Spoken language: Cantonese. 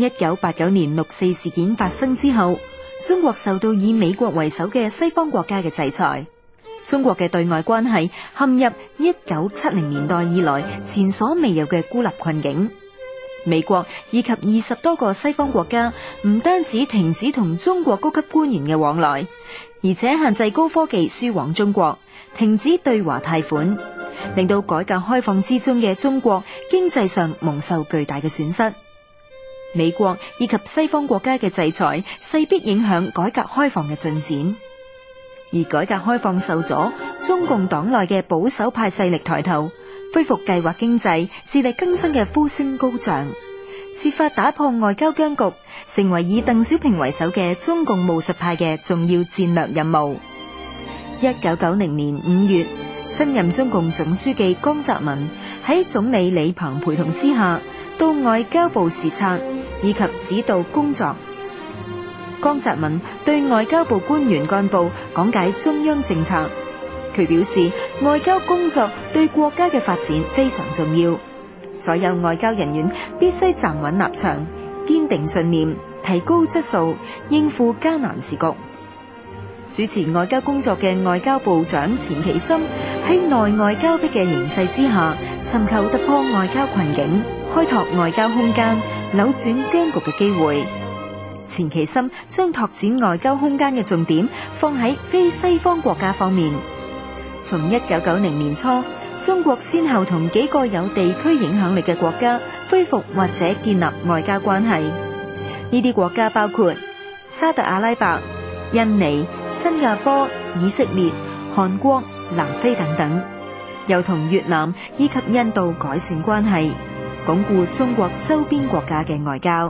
一九八九年六四事件發生之後，中國受到以美國為首嘅西方國家嘅制裁，中國嘅對外關係陷入一九七零年代以來前所未有嘅孤立困境。美國以及二十多個西方國家唔單止停止同中國高級官員嘅往來，而且限制高科技輸往中國，停止對華貸款，令到改革開放之中嘅中國經濟上蒙受巨大嘅損失。美國以及西方國家嘅制裁勢必影響改革開放嘅進展，而改革開放受阻，中共黨內嘅保守派勢力抬頭，恢復計劃經濟、致力更新嘅呼聲高漲，設法打破外交僵局，成為以鄧小平為首嘅中共務實派嘅重要戰略任務。一九九零年五月，新任中共總書記江澤民喺總理李鵬陪同之下，到外交部視察，以及指導工作。江澤民對外交部官員幹部講解中央政策，佢表示外交工作對國家嘅發展非常重要，所有外交人員必須站穩立場，堅定信念，提高質素，應付艱難時局。主持外交工作嘅外交部長錢其琛喺內外交逼嘅形勢之下，尋求突破外交困境，開拓外交空間。扭轉僵局嘅機會，錢其琛將拓展外交空間嘅重點放喺非西方國家方面。從一九九零年初，中國先後同幾個有地區影響力嘅國家恢復或者建立外交關係。呢啲國家包括沙特阿拉伯、印尼、新加坡、以色列、韓國、南非等等，又同越南以及印度改善關係。鞏固中國周邊國家嘅外交。